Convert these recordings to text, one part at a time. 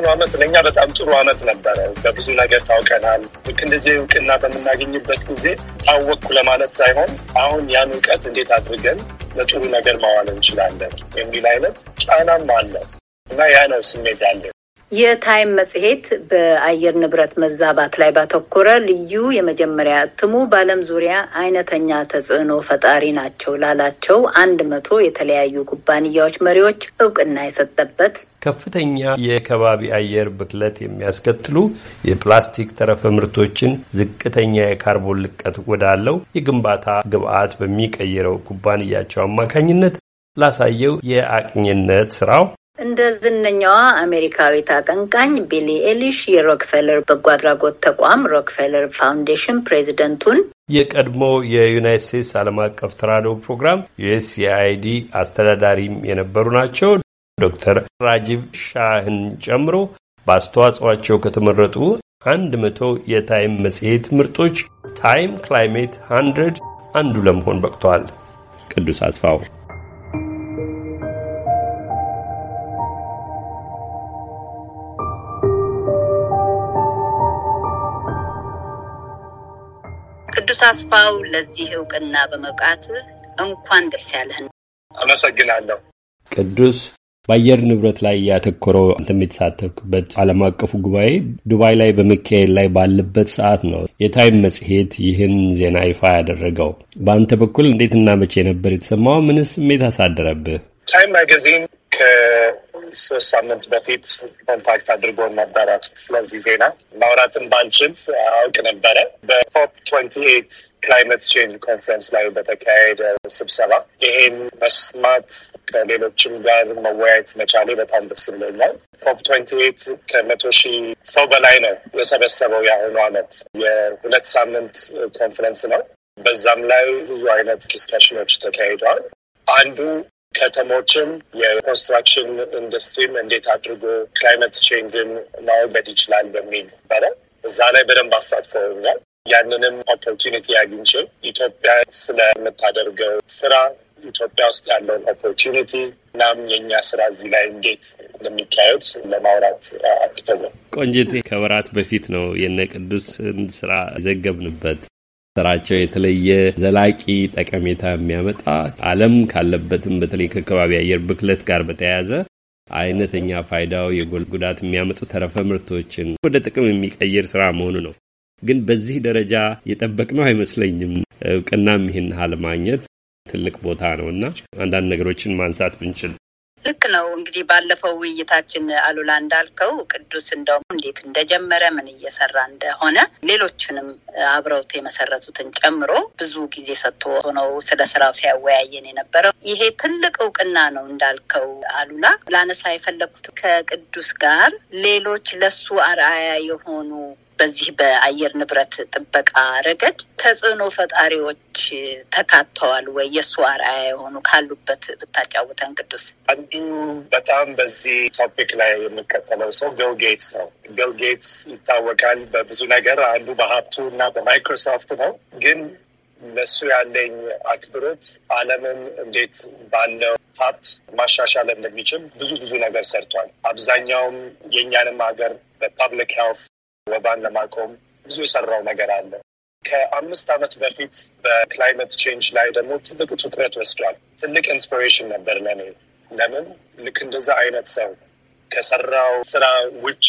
የአሁኑ አመት ለእኛ በጣም ጥሩ አመት ነበረ። በብዙ ነገር ታውቀናል። ልክ እንደዚህ እውቅና በምናገኝበት ጊዜ ታወቅኩ ለማለት ሳይሆን አሁን ያን እውቀት እንዴት አድርገን ለጥሩ ነገር ማዋል እንችላለን የሚል አይነት ጫናም አለ እና ያ ነው ስሜት ያለ የታይም መጽሔት በአየር ንብረት መዛባት ላይ ባተኮረ ልዩ የመጀመሪያ እትሙ በዓለም ዙሪያ አይነተኛ ተጽዕኖ ፈጣሪ ናቸው ላላቸው አንድ መቶ የተለያዩ ኩባንያዎች መሪዎች እውቅና የሰጠበት ከፍተኛ የከባቢ አየር ብክለት የሚያስከትሉ የፕላስቲክ ተረፈ ምርቶችን ዝቅተኛ የካርቦን ልቀት ወዳለው የግንባታ ግብዓት በሚቀይረው ኩባንያቸው አማካኝነት ላሳየው የአቅኝነት ስራው እንደ ዝነኛዋ አሜሪካዊት አቀንቃኝ ቢሊ ኤሊሽ የሮክፌለር በጎ አድራጎት ተቋም ሮክፌለር ፋውንዴሽን ፕሬዚደንቱን የቀድሞ የዩናይት ስቴትስ ዓለም አቀፍ ተራድኦ ፕሮግራም ዩኤስኤአይዲ አስተዳዳሪም የነበሩ ናቸው። ዶክተር ራጂቭ ሻህን ጨምሮ በአስተዋጽኦቸው ከተመረጡ አንድ መቶ የታይም መጽሔት ምርጦች ታይም ክላይሜት 100 አንዱ ለመሆን በቅቷል። ቅዱስ አስፋው ቅዱስ አስፋው ለዚህ እውቅና በመብቃት እንኳን ደስ ያለህን። አመሰግናለሁ ቅዱስ። በአየር ንብረት ላይ ያተኮረው አንተም የተሳተፍክበት ዓለም አቀፉ ጉባኤ ዱባይ ላይ በመካሄድ ላይ ባለበት ሰዓት ነው የታይም መጽሔት ይህን ዜና ይፋ ያደረገው። በአንተ በኩል እንዴትና መቼ ነበር የተሰማው? ምንስ ስሜት አሳደረብህ? ታይም ማጋዚን ሶስት ሳምንት በፊት ኮንታክት አድርጎን ነበረ። ስለዚህ ዜና ማውራትን ባንችል አውቅ ነበረ። በኮፕ ትንቲኤት ኤይት ክላይመት ቼንጅ ኮንፈረንስ ላይ በተካሄደ ስብሰባ ይሄን መስማት ከሌሎችም ጋር መወያየት መቻሌ በጣም ደስ ብሎኛል። ኮፕ ትወንቲ ኤይት ከመቶ ሺህ ሰው በላይ ነው የሰበሰበው። የአሁኑ አመት የሁለት ሳምንት ኮንፈረንስ ነው። በዛም ላይ ብዙ አይነት ዲስካሽኖች ተካሂደዋል። አንዱ ከተሞችም የኮንስትራክሽን ኢንዱስትሪም እንዴት አድርጎ ክላይመት ቼንጅን ማውገድ ይችላል በሚል ነበረ። እዛ ላይ በደንብ አሳትፈውኛል። ያንንም ኦፖርቹኒቲ አግኝቼ ኢትዮጵያ ስለምታደርገው ስራ ኢትዮጵያ ውስጥ ያለውን ኦፖርቹኒቲ እናም የእኛ ስራ እዚህ ላይ እንዴት እንደሚካሄድ ለማውራት አክተዘ ቆንጅት ከወራት በፊት ነው የነ ቅዱስን ስራ ዘገብንበት። ስራቸው የተለየ ዘላቂ ጠቀሜታ የሚያመጣ ዓለም ካለበትም በተለይ ከከባቢ አየር ብክለት ጋር በተያያዘ አይነተኛ ፋይዳው የጎል ጉዳት የሚያመጡ ተረፈ ምርቶችን ወደ ጥቅም የሚቀይር ስራ መሆኑ ነው። ግን በዚህ ደረጃ የጠበቅነው አይመስለኝም። እውቅናም ይህን ሀል ማግኘት ትልቅ ቦታ ነው እና አንዳንድ ነገሮችን ማንሳት ብንችል ልክ ነው እንግዲህ ባለፈው ውይይታችን አሉላ እንዳልከው ቅዱስ እንደውም እንዴት እንደጀመረ ምን እየሰራ እንደሆነ ሌሎችንም አብረውት የመሰረቱትን ጨምሮ ብዙ ጊዜ ሰጥቶ ሆነው ስለ ስራው ሲያወያየን የነበረው ይሄ ትልቅ እውቅና ነው እንዳልከው አሉላ። ላነሳ የፈለግኩት ከቅዱስ ጋር ሌሎች ለሱ አርአያ የሆኑ በዚህ በአየር ንብረት ጥበቃ ረገድ ተጽዕኖ ፈጣሪዎች ተካተዋል ወይ? የእሱ አርአያ የሆኑ ካሉበት ብታጫውተን ቅዱስ። አንዱ በጣም በዚህ ቶፒክ ላይ የምከተለው ሰው ቢል ጌትስ ነው። ቢል ጌትስ ይታወቃል በብዙ ነገር አንዱ በሀብቱ እና በማይክሮሶፍት ነው ግን ለሱ ያለኝ አክብሮት ዓለምን እንዴት ባለው ሀብት ማሻሻል እንደሚችል ብዙ ብዙ ነገር ሰርቷል። አብዛኛውም የእኛንም ሀገር በፐብሊክ ሄልት ወባን ለማቆም ብዙ የሰራው ነገር አለ። ከአምስት ዓመት በፊት በክላይመት ቼንጅ ላይ ደግሞ ትልቁ ትኩረት ወስዷል። ትልቅ ኢንስፒሬሽን ነበር ለኔ። ለምን ልክ እንደዛ አይነት ሰው ከሰራው ስራ ውጪ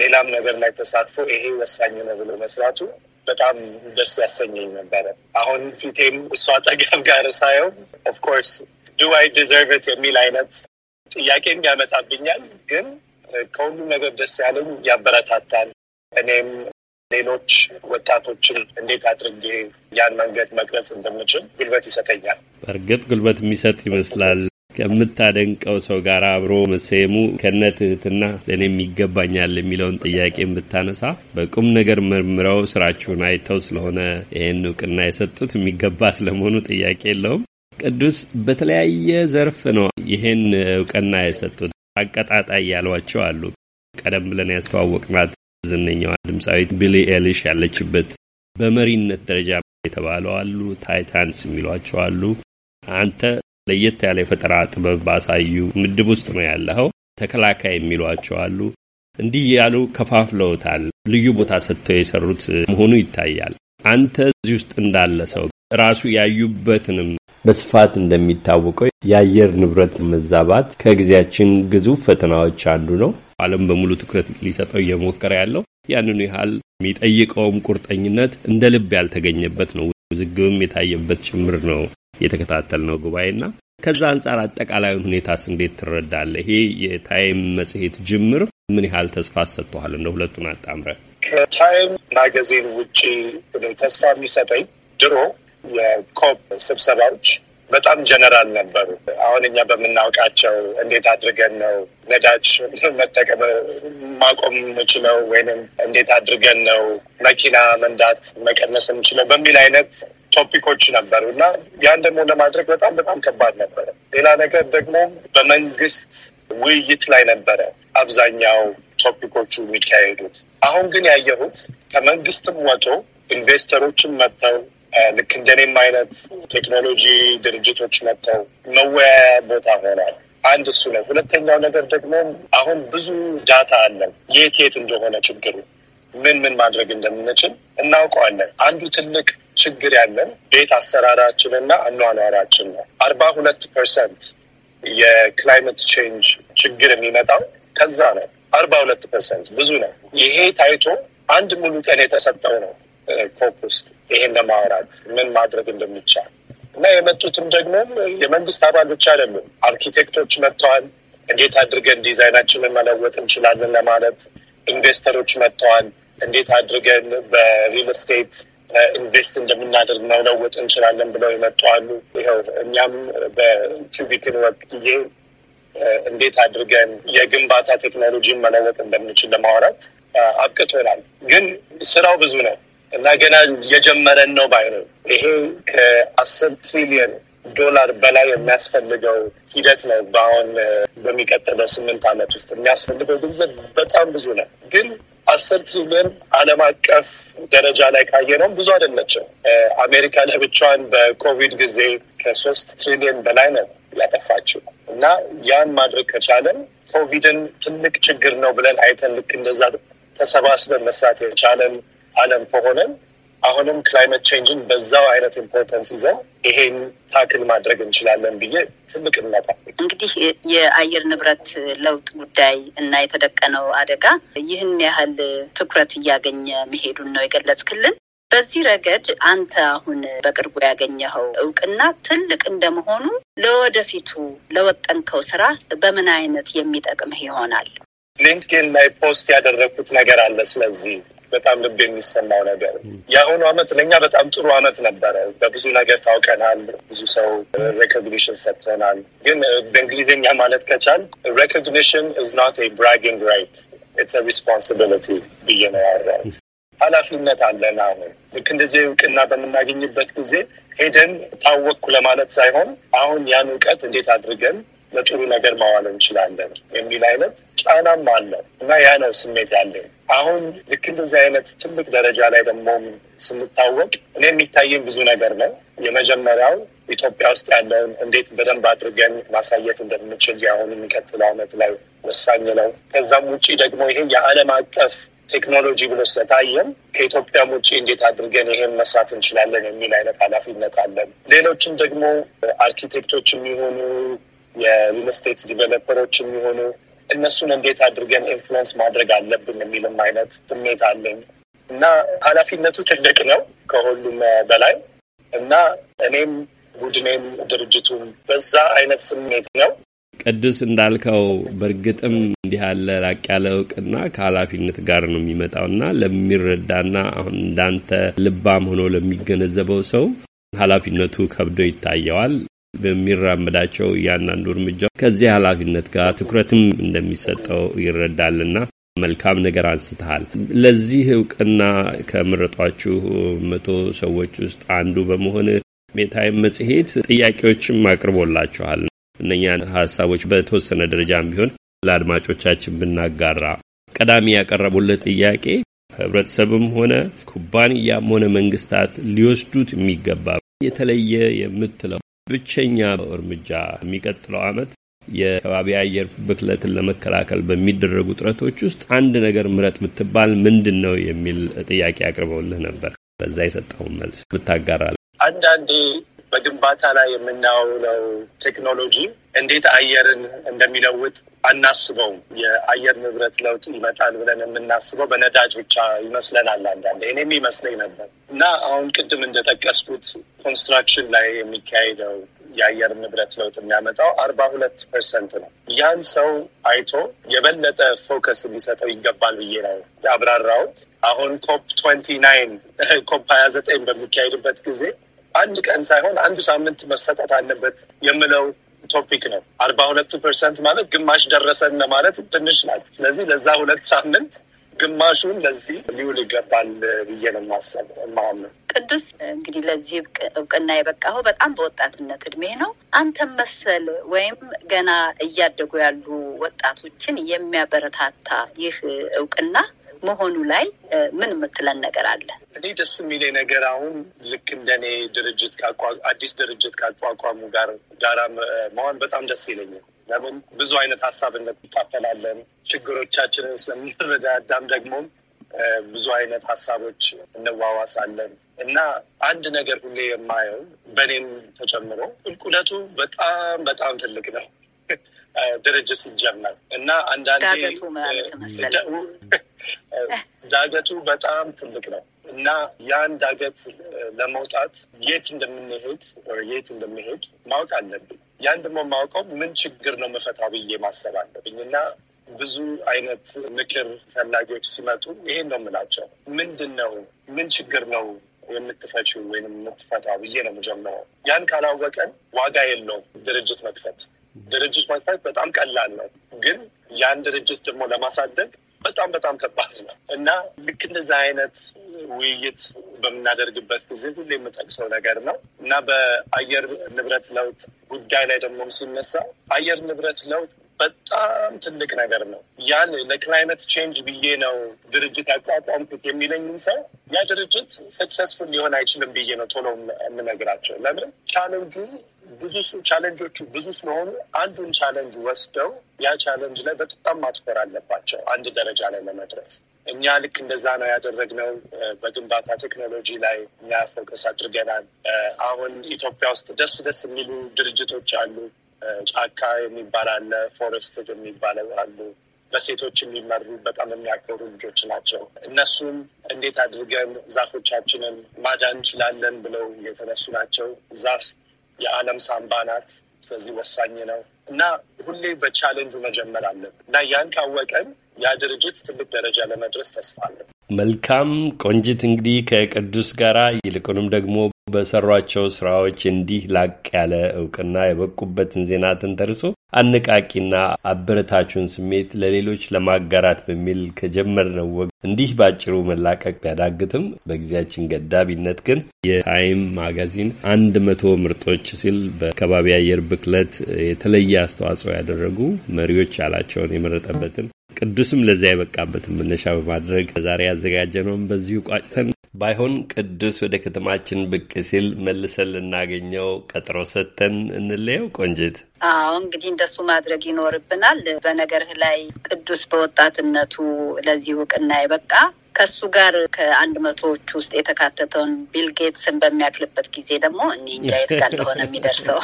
ሌላም ነገር ላይ ተሳትፎ ይሄ ወሳኝ ነው ብሎ መስራቱ በጣም ደስ ያሰኘኝ ነበረ። አሁን ፊቴም እሷ አጠገብ ጋር ሳየው ኦፍኮርስ ዱ አይ ዲዘርቭ ኢት የሚል አይነት ጥያቄም ያመጣብኛል። ግን ከሁሉም ነገር ደስ ያለኝ ያበረታታል። እኔም ሌሎች ወጣቶችን እንዴት አድርጌ ያን መንገድ መቅረጽ እንደምችል ጉልበት ይሰጠኛል። በእርግጥ ጉልበት የሚሰጥ ይመስላል። ከምታደንቀው ሰው ጋር አብሮ መሰየሙ ከነ ትህትና ለእኔም ይገባኛል የሚለውን ጥያቄ የምታነሳ በቁም ነገር መርምረው ስራችሁን አይተው ስለሆነ ይህን እውቅና የሰጡት የሚገባ ስለመሆኑ ጥያቄ የለውም። ቅዱስ በተለያየ ዘርፍ ነው ይህን እውቅና የሰጡት። አቀጣጣይ ያሏቸው አሉ። ቀደም ብለን ያስተዋወቅናት ዝነኛዋ ድምፃዊት ቢሊ ኤሊሽ ያለችበት በመሪነት ደረጃ የተባለው አሉ፣ ታይታንስ የሚሏቸው አሉ። አንተ ለየት ያለ የፈጠራ ጥበብ ባሳዩ ምድብ ውስጥ ነው ያለኸው። ተከላካይ የሚሏቸው አሉ። እንዲህ ያሉ ከፋፍለውታል። ልዩ ቦታ ሰጥተው የሰሩት መሆኑ ይታያል። አንተ እዚህ ውስጥ እንዳለ ሰው ራሱ ያዩበትንም በስፋት እንደሚታወቀው የአየር ንብረት መዛባት ከጊዜያችን ግዙፍ ፈተናዎች አንዱ ነው። ዓለም በሙሉ ትኩረት ሊሰጠው እየሞከረ ያለው ያንኑ ያህል የሚጠይቀውም ቁርጠኝነት እንደ ልብ ያልተገኘበት ነው። ውዝግብም የታየበት ጭምር ነው የተከታተልነው ጉባኤና ከዛ አንጻር አጠቃላዩን ሁኔታስ እንዴት ትረዳለህ? ይሄ የታይም መጽሔት ጅምር ምን ያህል ተስፋ ሰጥተኋል? እንደ ሁለቱን አጣምረ ከታይም ማገዜን ውጭ ተስፋ የሚሰጠኝ ድሮ የኮፕ ስብሰባዎች በጣም ጀነራል ነበሩ። አሁን እኛ በምናውቃቸው እንዴት አድርገን ነው ነዳጅ መጠቀም ማቆም የምችለው ወይንም እንዴት አድርገን ነው መኪና መንዳት መቀነስ የምችለው በሚል አይነት ቶፒኮች ነበሩ እና ያን ደግሞ ለማድረግ በጣም በጣም ከባድ ነበረ። ሌላ ነገር ደግሞ በመንግስት ውይይት ላይ ነበረ አብዛኛው ቶፒኮቹ የሚካሄዱት። አሁን ግን ያየሁት ከመንግስትም ወጥቶ ኢንቨስተሮችም መጥተው ልክ እንደኔም አይነት ቴክኖሎጂ ድርጅቶች መጥተው መወያያ ቦታ ሆኗል። አንድ እሱ ነው። ሁለተኛው ነገር ደግሞ አሁን ብዙ ዳታ አለን። የት የት እንደሆነ ችግሩ ምን ምን ማድረግ እንደምንችል እናውቀዋለን። አንዱ ትልቅ ችግር ያለን ቤት አሰራራችንና አኗኗራችን ነው። አርባ ሁለት ፐርሰንት የክላይመት ቼንጅ ችግር የሚመጣው ከዛ ነው። አርባ ሁለት ፐርሰንት ብዙ ነው። ይሄ ታይቶ አንድ ሙሉ ቀን የተሰጠው ነው ኮፕ ውስጥ ይሄን ለማውራት ምን ማድረግ እንደሚቻል እና የመጡትም ደግሞ የመንግስት አባል ብቻ አይደሉም። አርኪቴክቶች መጥተዋል። እንዴት አድርገን ዲዛይናችንን መለወጥ እንችላለን ለማለት ኢንቨስተሮች መጥተዋል። እንዴት አድርገን በሪል ስቴት ኢንቨስት እንደምናደርግ መለወጥ እንችላለን ብለው የመጡ አሉ። ይኸው እኛም በኪውቢክን ጊዜ እንዴት አድርገን የግንባታ ቴክኖሎጂን መለወጥ እንደምንችል ለማውራት አብቅቶናል። ግን ስራው ብዙ ነው። እና ገና የጀመረን ነው ባይ ነው። ይሄ ከአስር ትሪሊየን ዶላር በላይ የሚያስፈልገው ሂደት ነው። በአሁን በሚቀጥለው ስምንት ዓመት ውስጥ የሚያስፈልገው ገንዘብ በጣም ብዙ ነው ግን አስር ትሪሊዮን ዓለም አቀፍ ደረጃ ላይ ካየነው ብዙ አይደለችም። አሜሪካ ለብቻዋን በኮቪድ ጊዜ ከሶስት ትሪሊዮን በላይ ነው ያጠፋችው እና ያን ማድረግ ከቻለን ኮቪድን ትልቅ ችግር ነው ብለን አይተን ልክ እንደዛ ተሰባስበን መስራት የቻለን ዓለም ከሆነን አሁንም ክላይመት ቼንጅን በዛው አይነት ኢምፖርተንስ ይዘን ይሄን ታክል ማድረግ እንችላለን ብዬ ትልቅ እምነት እንግዲህ የአየር ንብረት ለውጥ ጉዳይ እና የተደቀነው አደጋ ይህን ያህል ትኩረት እያገኘ መሄዱን ነው የገለጽክልን። በዚህ ረገድ አንተ አሁን በቅርቡ ያገኘኸው እውቅና ትልቅ እንደመሆኑ ለወደፊቱ ለወጠንከው ስራ በምን አይነት የሚጠቅምህ ይሆናል? ሊንክድን ላይ ፖስት ያደረግኩት ነገር አለ። ስለዚህ በጣም ልብ የሚሰማው ነገር የአሁኑ አመት ለእኛ በጣም ጥሩ አመት ነበረ። በብዙ ነገር ታውቀናል። ብዙ ሰው ሬኮግኒሽን ሰጥተናል። ግን በእንግሊዝኛ ማለት ከቻል ሬኮግኒሽን ኢዝ ናት ኤ ብራጊንግ ራይት ኢትስ ኤ ሪስፖንሲቢሊቲ ብዬ ነው ያወራሁት። ኃላፊነት አለን። አሁን ልክ እንደዚህ እውቅና በምናገኝበት ጊዜ ሄደን ታወቅኩ ለማለት ሳይሆን አሁን ያን እውቀት እንዴት አድርገን ለጥሩ ነገር ማዋል እንችላለን የሚል አይነት ጫናም አለ እና ያ ነው ስሜት ያለኝ። አሁን ልክ እንደዚህ አይነት ትልቅ ደረጃ ላይ ደግሞ ስንታወቅ እኔ የሚታየኝ ብዙ ነገር ነው። የመጀመሪያው ኢትዮጵያ ውስጥ ያለውን እንዴት በደንብ አድርገን ማሳየት እንደምንችል አሁን የሚቀጥለው አመት ላይ ወሳኝ ነው። ከዛም ውጭ ደግሞ ይሄ የዓለም አቀፍ ቴክኖሎጂ ብሎ ስለታየም ከኢትዮጵያም ውጭ እንዴት አድርገን ይሄን መስራት እንችላለን የሚል አይነት ኃላፊነት አለን። ሌሎችም ደግሞ አርኪቴክቶች የሚሆኑ የሪል ስቴት ዲቨሎፐሮች የሚሆኑ እነሱን እንዴት አድርገን ኢንፍሉንስ ማድረግ አለብን የሚልም አይነት ስሜት አለኝ እና ኃላፊነቱ ትልቅ ነው ከሁሉም በላይ እና እኔም ቡድኔም ድርጅቱም በዛ አይነት ስሜት ነው። ቅዱስ እንዳልከው በእርግጥም እንዲህ ያለ ላቅ ያለ እውቅና ከኃላፊነት ጋር ነው የሚመጣው ና ለሚረዳና አሁን እንዳንተ ልባም ሆኖ ለሚገነዘበው ሰው ኃላፊነቱ ከብዶ ይታየዋል። በሚራመዳቸው እያንዳንዱ እርምጃ ከዚህ ኃላፊነት ጋር ትኩረትም እንደሚሰጠው ይረዳልና መልካም ነገር አንስተሃል። ለዚህ እውቅና ከመረጧችሁ መቶ ሰዎች ውስጥ አንዱ በመሆን ሜታይም መጽሔት ጥያቄዎችም አቅርቦላችኋል። እነኛን ሀሳቦች በተወሰነ ደረጃም ቢሆን ለአድማጮቻችን ብናጋራ ቀዳሚ ያቀረቡለት ጥያቄ ህብረተሰብም ሆነ ኩባንያም ሆነ መንግስታት ሊወስዱት የሚገባ የተለየ የምትለው ብቸኛ እርምጃ የሚቀጥለው ዓመት የከባቢ አየር ብክለትን ለመከላከል በሚደረጉ ጥረቶች ውስጥ አንድ ነገር ምረጥ ብትባል ምንድን ነው የሚል ጥያቄ አቅርበውልህ ነበር። በዛ የሰጠውን መልስ ብታጋራል። አንዳንዴ በግንባታ ላይ የምናውለው ቴክኖሎጂ እንዴት አየርን እንደሚለውጥ አናስበውም። የአየር ንብረት ለውጥ ይመጣል ብለን የምናስበው በነዳጅ ብቻ ይመስለናል አንዳንድ እኔም ይመስለኝ ነበር እና አሁን ቅድም እንደጠቀስኩት ኮንስትራክሽን ላይ የሚካሄደው የአየር ንብረት ለውጥ የሚያመጣው አርባ ሁለት ፐርሰንት ነው። ያን ሰው አይቶ የበለጠ ፎከስ እንዲሰጠው ይገባል ብዬ ነው ያብራራሁት። አሁን ኮፕ ትዌንቲ ናይን ኮፕ ሀያ ዘጠኝ በሚካሄድበት ጊዜ አንድ ቀን ሳይሆን አንድ ሳምንት መሰጠት አለበት የምለው ቶፒክ ነው። አርባ ሁለት ፐርሰንት ማለት ግማሽ ደረሰን ማለት ትንሽ ናት። ስለዚህ ለዛ ሁለት ሳምንት ግማሹን ለዚህ ሊውል ይገባል ብዬ ነው ማሰብ ማምን ቅዱስ እንግዲህ ለዚህ እውቅና የበቃሁ በጣም በወጣትነት እድሜ ነው። አንተም መሰል ወይም ገና እያደጉ ያሉ ወጣቶችን የሚያበረታታ ይህ እውቅና መሆኑ ላይ ምን የምትለን ነገር አለ? እኔ ደስ የሚለኝ ነገር አሁን ልክ እንደኔ ድርጅት አዲስ ድርጅት ካቋቋሙ ጋር ጋራ መሆን በጣም ደስ ይለኛል። ለምን ብዙ አይነት ሀሳብ እንካፈላለን፣ ችግሮቻችንን ስለምንረዳዳም ደግሞ ብዙ አይነት ሀሳቦች እንዋዋሳለን እና አንድ ነገር ሁሌ የማየው በእኔም ተጨምሮ ቁልቁለቱ በጣም በጣም ትልቅ ነው ድርጅት ሲጀመር እና አንዳንዴ ዳገቱ በጣም ትልቅ ነው እና ያን ዳገት ለመውጣት የት እንደምንሄድ የት እንደምሄድ ማወቅ አለብኝ። ያን ደግሞ ማውቀው ምን ችግር ነው መፈታው ብዬ ማሰብ አለብኝ እና ብዙ አይነት ምክር ፈላጊዎች ሲመጡ ይሄን ነው የምላቸው። ምንድን ነው ምን ችግር ነው የምትፈችው ወይም የምትፈታው ብዬ ነው የምጀምረው። ያን ካላወቀን ዋጋ የለው ድርጅት መክፈት። ድርጅት መክፈት በጣም ቀላል ነው፣ ግን ያን ድርጅት ደግሞ ለማሳደግ በጣም በጣም ከባድ ነው እና ልክ እንደዚ አይነት ውይይት በምናደርግበት ጊዜ ሁሉ የምጠቅሰው ነገር ነው እና በአየር ንብረት ለውጥ ጉዳይ ላይ ደግሞ ሲነሳ አየር ንብረት ለውጥ በጣም ትልቅ ነገር ነው። ያን ለክላይመት ቼንጅ ብዬ ነው ድርጅት ያቋቋምኩት የሚለኝን ሰው ያ ድርጅት ሰክሰስፉል ሊሆን አይችልም ብዬ ነው ቶሎ የምነግራቸው። ለምን ቻለንጁ ብዙ ቻለንጆቹ ብዙ ስለሆኑ አንዱን ቻለንጅ ወስደው ያ ቻለንጅ ላይ በጣም ማትኮር አለባቸው አንድ ደረጃ ላይ ለመድረስ። እኛ ልክ እንደዛ ነው ያደረግነው። በግንባታ ቴክኖሎጂ ላይ እኛ ፎከስ አድርገናል። አሁን ኢትዮጵያ ውስጥ ደስ ደስ የሚሉ ድርጅቶች አሉ። ጫካ የሚባል አለ፣ ፎረስት የሚባል አሉ። በሴቶች የሚመሩ በጣም የሚያከሩ ልጆች ናቸው። እነሱም እንዴት አድርገን ዛፎቻችንን ማዳን እንችላለን ብለው የተነሱ ናቸው። ዛፍ የዓለም ሳምባ ናት። ስለዚህ ወሳኝ ነው እና ሁሌ በቻሌንጁ መጀመር አለብን እና ያን ካወቀን ያ ድርጅት ትልቅ ደረጃ ለመድረስ ተስፋ አለን። መልካም ቆንጅት፣ እንግዲህ ከቅዱስ ጋራ ይልቁንም ደግሞ በሰሯቸው ስራዎች እንዲህ ላቅ ያለ እውቅና የበቁበትን ዜና ተንተርሶ አነቃቂና አበረታቹን ስሜት ለሌሎች ለማጋራት በሚል ከጀመርነው ወግ እንዲህ ባጭሩ መላቀቅ ቢያዳግትም በጊዜያችን ገዳቢነት ግን የታይም ማጋዚን አንድ መቶ ምርጦች ሲል በከባቢ አየር ብክለት የተለየ አስተዋጽኦ ያደረጉ መሪዎች ያላቸውን የመረጠበትን ቅዱስም ለዚያ የበቃበትን መነሻ በማድረግ ዛሬ ያዘጋጀነውን በዚሁ ቋጭተን ባይሆን ቅዱስ ወደ ከተማችን ብቅ ሲል መልሰን ልናገኘው ቀጠሮ ሰጥተን እንለየው ቆንጅት። አዎ እንግዲህ እንደሱ ማድረግ ይኖርብናል። በነገርህ ላይ ቅዱስ በወጣትነቱ ለዚህ እውቅና ይበቃ ከሱ ጋር ከአንድ መቶዎች ውስጥ የተካተተውን ቢል ጌትስን በሚያክልበት ጊዜ ደግሞ እኔ እንጃ የት ጋር እንደሆነ የሚደርሰው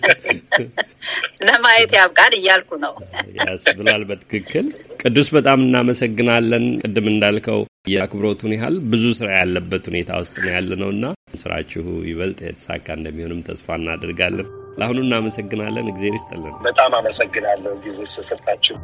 ለማየት ያብቃል እያልኩ ነው ብላል። በትክክል ቅዱስ በጣም እናመሰግናለን። ቅድም እንዳልከው የአክብሮቱን ያህል ብዙ ስራ ያለበት ሁኔታ ውስጥ ነው ያለ ነው እና ስራችሁ ይበልጥ የተሳካ እንደሚሆንም ተስፋ እናደርጋለን። ለአሁኑ እናመሰግናለን። እግዜር ይስጥልን። በጣም አመሰግናለሁ ጊዜ ስሰጣችሁ።